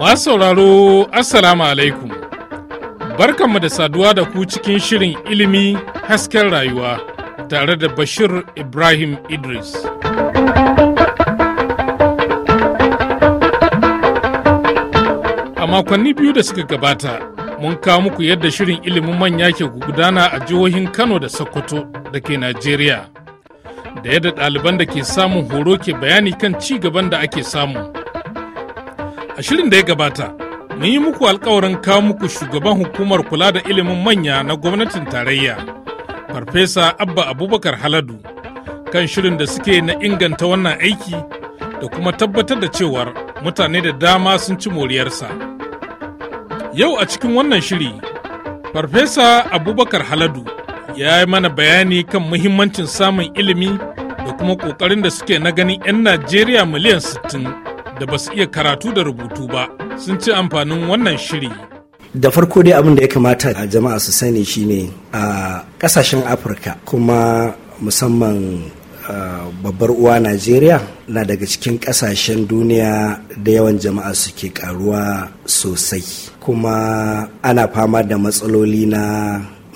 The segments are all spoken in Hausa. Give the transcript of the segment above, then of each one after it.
Masu sauraro Assalamu alaikum. Barkanmu da saduwa da ku cikin shirin ilimi hasken rayuwa tare da Bashir Ibrahim Idris. A makonni biyu da suka gabata, mun kawo muku yadda shirin ilimin manya ke gudana a jihohin Kano da Sokoto da ke Najeriya. da yadda ɗaliban da ke samun horo ke bayani kan ci gaban da ake samu. A shirin da ya gabata, mun yi muku alkawarin kawo muku shugaban hukumar kula da ilimin manya na gwamnatin tarayya, Farfesa Abba Abubakar Haladu, kan shirin da suke na inganta wannan aiki da kuma tabbatar da cewar mutane da dama sun ci moriyarsa. Yau a cikin wannan shiri, Farfesa Abubakar Haladu ya yi mana bayani kan muhimmancin samun ilimi da kuma ƙoƙarin da suke na ganin 'yan Najeriya miliyan 60 da ba su iya karatu da rubutu ba sun ci amfanin wannan shiri. Da farko dai abin da ya kamata a jama'a su sani shine a ƙasashen Afirka kuma musamman babbar uwa Najeriya na daga cikin ƙasashen duniya da yawan jama'a suke karuwa sosai kuma ana fama da matsaloli na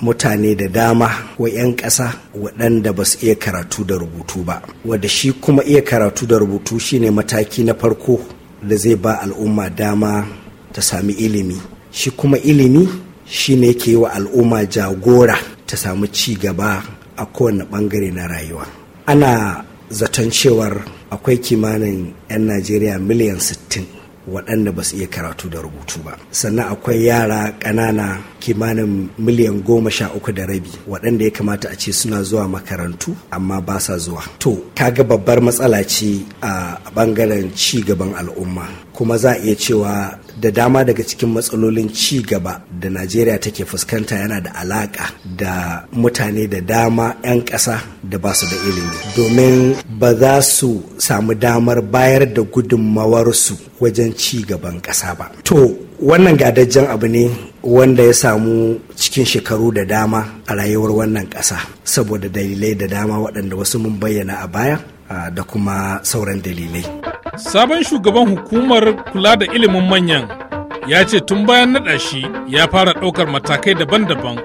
mutane da dama wa 'yan ƙasa waɗanda ba su iya karatu da rubutu ba wadda shi kuma iya karatu da rubutu shine mataki na farko da zai ba al'umma dama ta sami ilimi shi kuma ilimi shine yake yi wa al'umma jagora ta sami ci gaba a kowane ɓangare na rayuwa ana zaton cewar akwai kimanin 'yan najeriya miliyan sittin. waɗanda ba su iya karatu da rubutu ba sannan akwai yara ƙanana kimanin miliyan goma sha uku da rabi waɗanda ya kamata a ce suna zuwa makarantu amma ba sa zuwa to kaga babbar matsala ce a ɓangaren ci gaban al'umma kuma za a iya cewa da dama daga cikin matsalolin ci gaba da najeriya take fuskanta yana da alaka da mutane da dama 'yan ƙasa da ba su da ilimi domin ba za su samu damar bayar da gudunmawarsu wajen ci gaban ƙasa ba to wannan gadajjen abu ne wanda ya samu cikin shekaru da dama a rayuwar wannan ƙasa saboda dalilai da dama waɗanda wasu mun bayyana a baya ah, da kuma sauran dalilai. Sabon shugaban hukumar kula da ilimin manyan ya ce tun bayan naɗa shi ya fara ɗaukar matakai daban-daban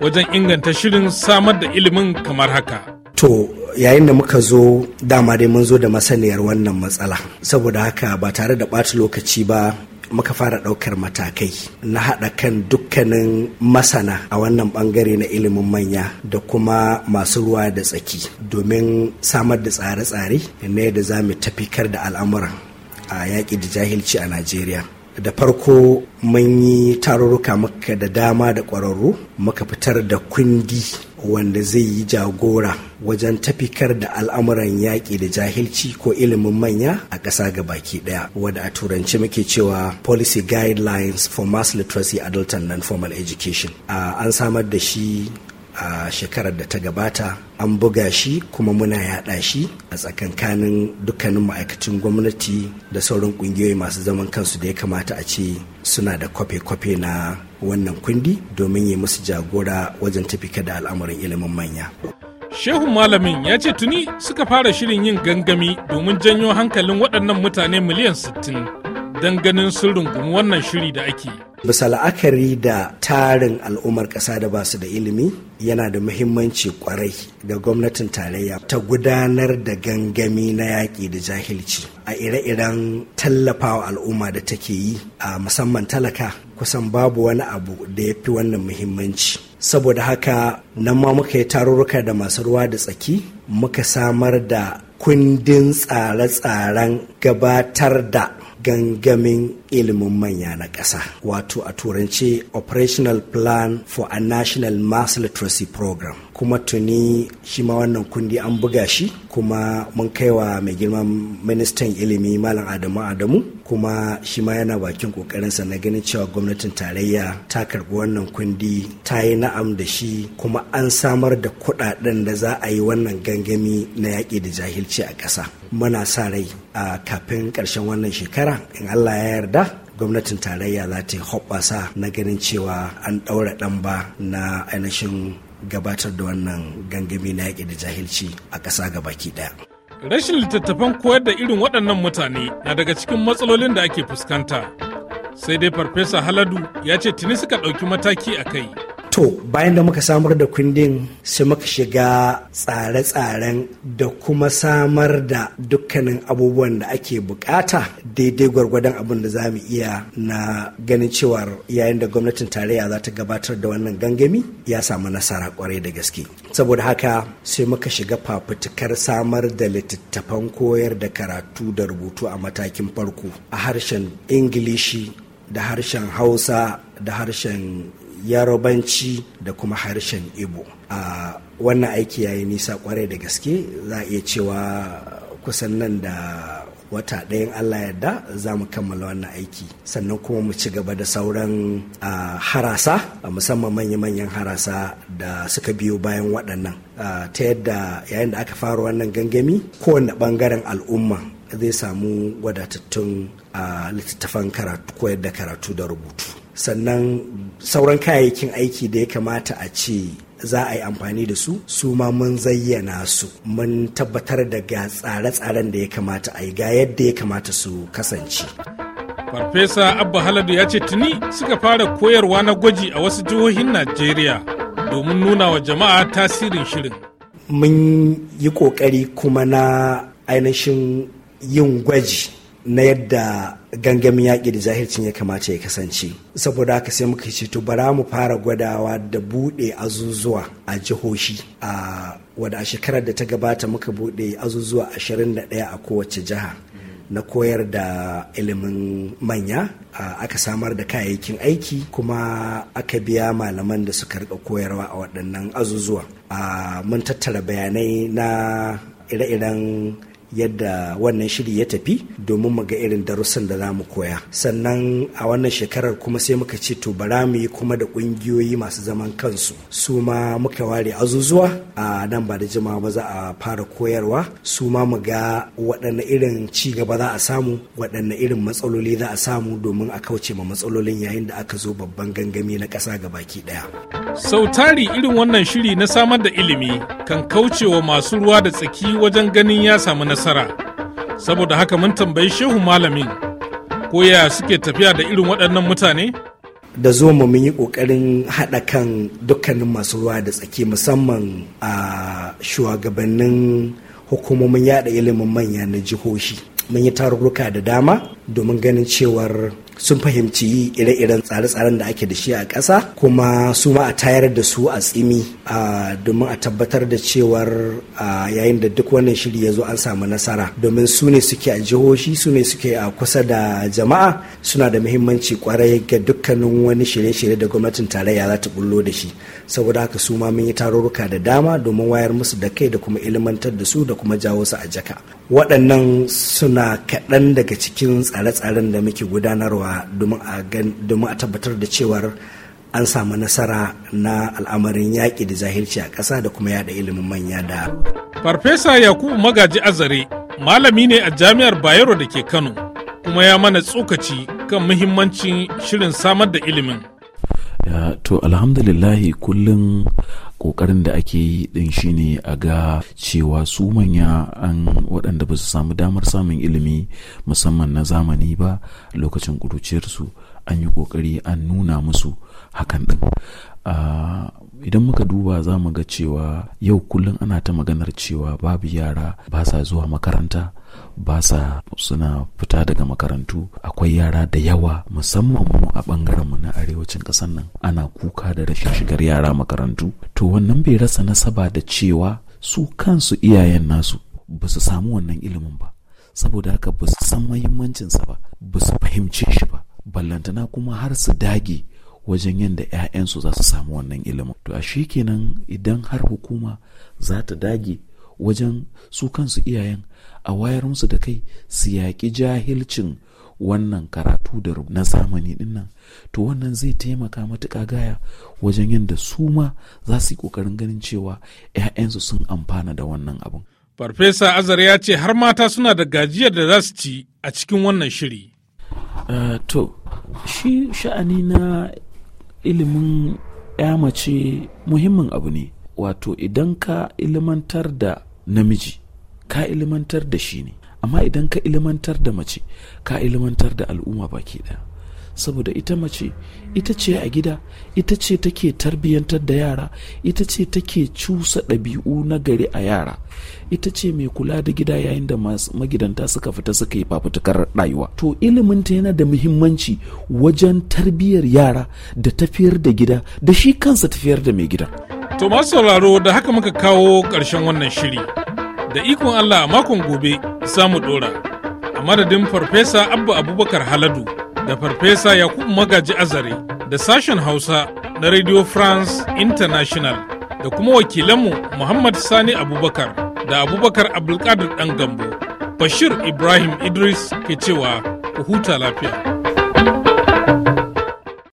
wajen inganta shirin samar da ilimin kamar haka. To yayin da muka zo dama dai mun zo da masaniyar wannan matsala saboda haka ba tare da ɓata lokaci ba muka fara ɗaukar matakai na haɗa kan dukkanin masana a wannan ɓangare na ilimin manya da kuma masu ruwa da tsaki domin samar da tsare-tsare ne da za mu tafikar da al'amuran a yaƙi da jahilci a najeriya da farko mun yi tarurruka muka da dama da ƙwararru muka fitar da kundi wanda zai yi jagora wajen tafikar da al'amuran yaƙi da jahilci ko ilimin manya a ƙasa ga baki ɗaya wadda a turanci muke cewa policy guidelines for mass literacy adult and non-formal education ah, an samar da shi a shekarar da ta gabata an buga shi kuma muna yaɗa shi a tsakankanin dukkanin ma'aikacin gwamnati da sauran ƙungiyoyi masu zaman kansu da ya kamata a ce suna da kwafe-kwafe na wannan kundi domin yi musu jagora wajen tafika da al'amarin ilimin manya Shehu Malamin ya ce tuni suka fara shirin yin gangami domin janyo hankalin waɗannan mutane miliyan 60 don ganin sun rungumi wannan shiri da ake bisa la'akari da tarin al'ummar ƙasa da ba su da ilimi yana da muhimmanci kwarai da gwamnatin tarayya ta gudanar da gangami na yaƙi da jahilci a ire-iren tallafawa al'umma da take yi a musamman talaka kusan babu wani abu da ya fi wannan muhimmanci saboda haka nan ma muka yi tarurruka da masu ruwa da tsaki muka samar da kundin tsare-tsaren gabatar da gangamin ilimin manya na ƙasa wato a turanci operational plan for a national mass literacy program kuma tuni shi ma wannan kundi an buga shi kuma mun kaiwa mai girman ministan ilimi malam adamu adamu kuma shi ma yana bakin kokarinsa na ganin cewa gwamnatin tarayya ta karbi wannan kundi ta yi na'am da shi kuma an samar da kuɗaɗen da za a yi wannan gangami na yaƙi da jahilci a ƙasa muna sa rai a kafin ƙarshen wannan shekara in allah ya yarda gwamnatin tarayya za ta yi hoɓɓasa na ganin cewa an ɗaura ɗan ba na ainihin gabatar da wannan gangami na yaƙi da jahilci a ƙasa gabaki ɗaya. Rashin littattafan koyar da irin waɗannan mutane na daga cikin matsalolin da ake fuskanta. Sai dai Farfesa Haladu ya ce tuni suka ɗauki mataki a kai. to bayan da muka samar da kundin sai muka shiga tsare-tsaren da kuma samar da dukkanin abubuwan da ake bukata daidai gwargwadon abin da za mu iya na ganin cewar yayin da gwamnatin tarayya za ta gabatar da wannan gangami ya samu nasara kwarai da gaske saboda haka sai muka shiga fafutukar samar da littattafan koyar da karatu da rubutu a matakin farko a harshen ingilishi da harshen hausa da harshen yarobanci da kuma harshen ibo a wannan aiki yayi nisa kwarai da gaske za a iya cewa kusan nan da wata ɗayan allah yadda za mu kammala wannan aiki sannan kuma mu ci gaba da sauran harasa musamman manya-manyan harasa da suka biyo bayan waɗannan ta yadda yayin da aka fara wannan gangami kowane ɓangaren al'umma zai samu wadatattun littattafan karatu koyar da karatu da rubutu sannan sauran kayayyakin aiki da ya kamata a ce za a yi amfani da su su ma mun zayyana su mun tabbatar da ga tsare-tsaren da ya kamata a yi ga yadda ya kamata su kasance farfesa abba haladu ya ce tuni suka fara koyarwa na gwaji a wasu jihohin najeriya domin nuna wa jama'a tasirin shirin mun yi kokari kuma na ainihin yin gwaji na yadda gangamin yaƙi da jahilcin ya kamata ya kasance saboda haka sai muka ce to bara mu fara gwadawa da buɗe azuzuwa a jihohi a wadda a shekarar da ta gabata muka buɗe azuzuwa 21 a kowace jiha na koyar da ilimin manya aka samar da kayayyakin aiki kuma aka biya malaman da suka rika koyarwa a waɗannan azuzuwa mun tattara bayanai na ire-iren yadda wannan shiri ya tafi domin mu ga irin darussan da za mu koya sannan a wannan shekarar kuma sai muka ce to bara mu yi kuma da ƙungiyoyi masu zaman kansu su ma muka ware azuzuwa a nan ba da jimawa ba za a fara koyarwa su ma mu ga waɗanne irin ci gaba za a samu waɗanne irin matsaloli za a samu domin a kauce ma matsalolin yayin da aka zo babban gangami na ƙasa ga baki ɗaya. sau tari irin wannan shiri na samar da ilimi kan kaucewa masu ruwa da tsaki wajen ganin ya samu nasara nasara saboda haka mun tambayi shehu malamin ko ya suke tafiya da irin waɗannan mutane da zo mu mun yi ƙoƙarin haɗa kan dukkanin masu ruwa da tsaki musamman a shugabannin hukumomin yada ilimin manya na jihohi mun yi tarurruka da dama domin ganin cewar sun fahimci ire-iren tsare-tsaren da ake da shi a ƙasa kuma su ma a tayar da su a tsimi domin a tabbatar da cewar yayin da duk wannan shiri ya zo an samu nasara domin su ne suke a jihohi su ne suke a kusa da jama'a suna da muhimmanci kwarai ga dukkanin wani shirye-shirye da gwamnatin tarayya za ta bullo da shi saboda haka su ma mun yi tarurruka da dama domin wayar musu da kai da kuma ilmantar da su da kuma jawo su a jaka waɗannan suna kaɗan daga cikin tsare-tsaren da muke gudanarwa tattaunawa domin a tabbatar da cewar an samu nasara na al'amarin yaƙi da zahirci a ƙasa da kuma yada ilimin manya da. Farfesa Yakubu Magaji Azare malami ne a jami'ar Bayero da ke Kano kuma ya mana tsokaci kan muhimmancin shirin samar da ilimin. to alhamdulillahi kullum kokarin da ake yi ɗin shine a ga cewa su manya an waɗanda ba su samu damar samun ilimi musamman na zamani ba lokacin ƙuruciyarsu an yi kokari an nuna musu hakan ɗin idan muka duba za mu ga cewa yau kullum ana ta maganar cewa babu yara ba sa zuwa makaranta ba sa suna fita daga makarantu akwai yara da yawa musamman mu a bangaren mu na arewacin kasan nan ana kuka da rashin shigar yara makarantu to wannan bai rasa nasaba da cewa su kansu iyayen nasu ba su samu wannan ilimin ba saboda haka ba su san mahimmancinsa ba ba su fahimce shi ba ballantana kuma har su dage wajen yadda 'ya'yansu za su samu wannan ilimin to a shi kenan idan har hukuma za ta dage wajen su kansu iyayen a wayar musu da kai su yaƙi jahilcin wannan karatu da na zamani dinnan to wannan zai taimaka matuƙa gaya wajen yadda su ma za su yi ƙoƙarin ganin cewa 'ya'yansu sun amfana da wannan abin. farfesa azar ya ce har mata suna da gajiyar da za su ci a cikin wannan shiri uh, to shi sha'ani na ilimin ya mace muhimmin abu ne wato idan ka ilimantar da namiji ka ilimantar da shi ne amma idan ka ilimantar da mace ka ilimantar da al'umma baki daya saboda ita mace ita ce a gida ita ce take tarbiyyantar da yara ita ce take cusa ɗabi'u na gari a yara ita ce mai kula da gida yayin da magidanta suka fita suka yi fafutukar rayuwa to iliminta yana da muhimmanci wajen tarbiyyar yara da tafiyar da gida da shi kansa tafiyar da mai gida. To masu sauraro da haka muka kawo ƙarshen wannan shiri. Da ikon Allah a makon gobe za mu ɗora. A madadin Farfesa Abba Abubakar Haladu da Farfesa Yakubu Magaji Azare da sashen Hausa na Radio France International da kuma wakilanmu Muhammad Sani Abubakar da Abubakar Abdulkadir ɗan gambo. Bashir Ibrahim Idris ke cewa ku huta lafiya.